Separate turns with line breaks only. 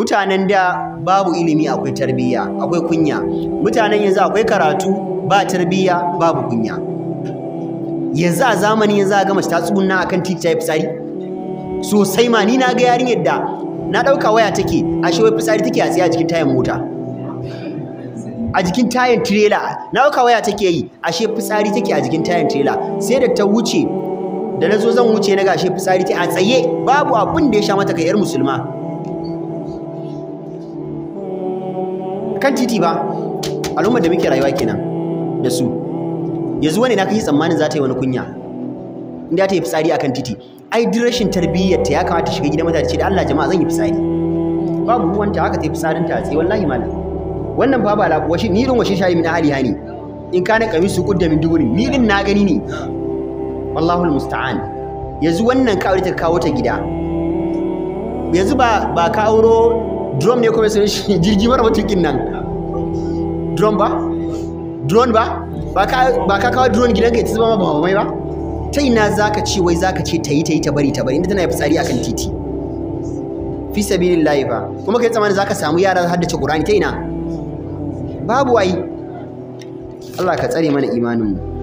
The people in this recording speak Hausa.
mutanen da babu ilimi akwai tarbiyya akwai kunya mutanen yanzu akwai karatu ba tarbiyya babu kunya yanzu a zamani yanzu a gama ta tsugunna akan titi ta yi fitsari sosai ma ni na ga yarinyar da na ɗauka waya take ashe wai fitsari take a tsaye a jikin tayan mota a jikin tayan tirela na ɗauka waya take yi ashe fitsari take a jikin tayan tirela sai da ta wuce da na zo zan wuce na ga ashe fitsari ta a tsaye babu abin da ya sha mata ka yar musulma kan titi ba al'ummar da muke rayuwa kenan da su yanzu wani na kai tsammanin za ta yi wani kunya inda ta yi fitsari akan titi ai duk rashin tarbiyyar ta ya kamata shiga gidan mata ce da Allah jama'a zan yi fitsari babu ta haka ta yi fitsarin ta sai wallahi malam wannan ba ba la washi ni irin washi shayi min hali hani in na kamisu kudda min duburi ni din na gani ne wallahu musta'an yanzu wannan ka aure ta kawo ta gida yanzu ba ba ka auro drone ne kuma sai shi jirgi mara matukin nan drone ba drone ba ba ka kawo drone gidanka ita zama ba mai ba ta ina ka ce wai za ka ce ta yi ta yi ta bari ta bari inda tana yi fitsari akan titi fi sabilillahi ba kuma kai za ka samu yara haddace Qur'ani ta ina babu wai Allah ka tsare mana imanin mu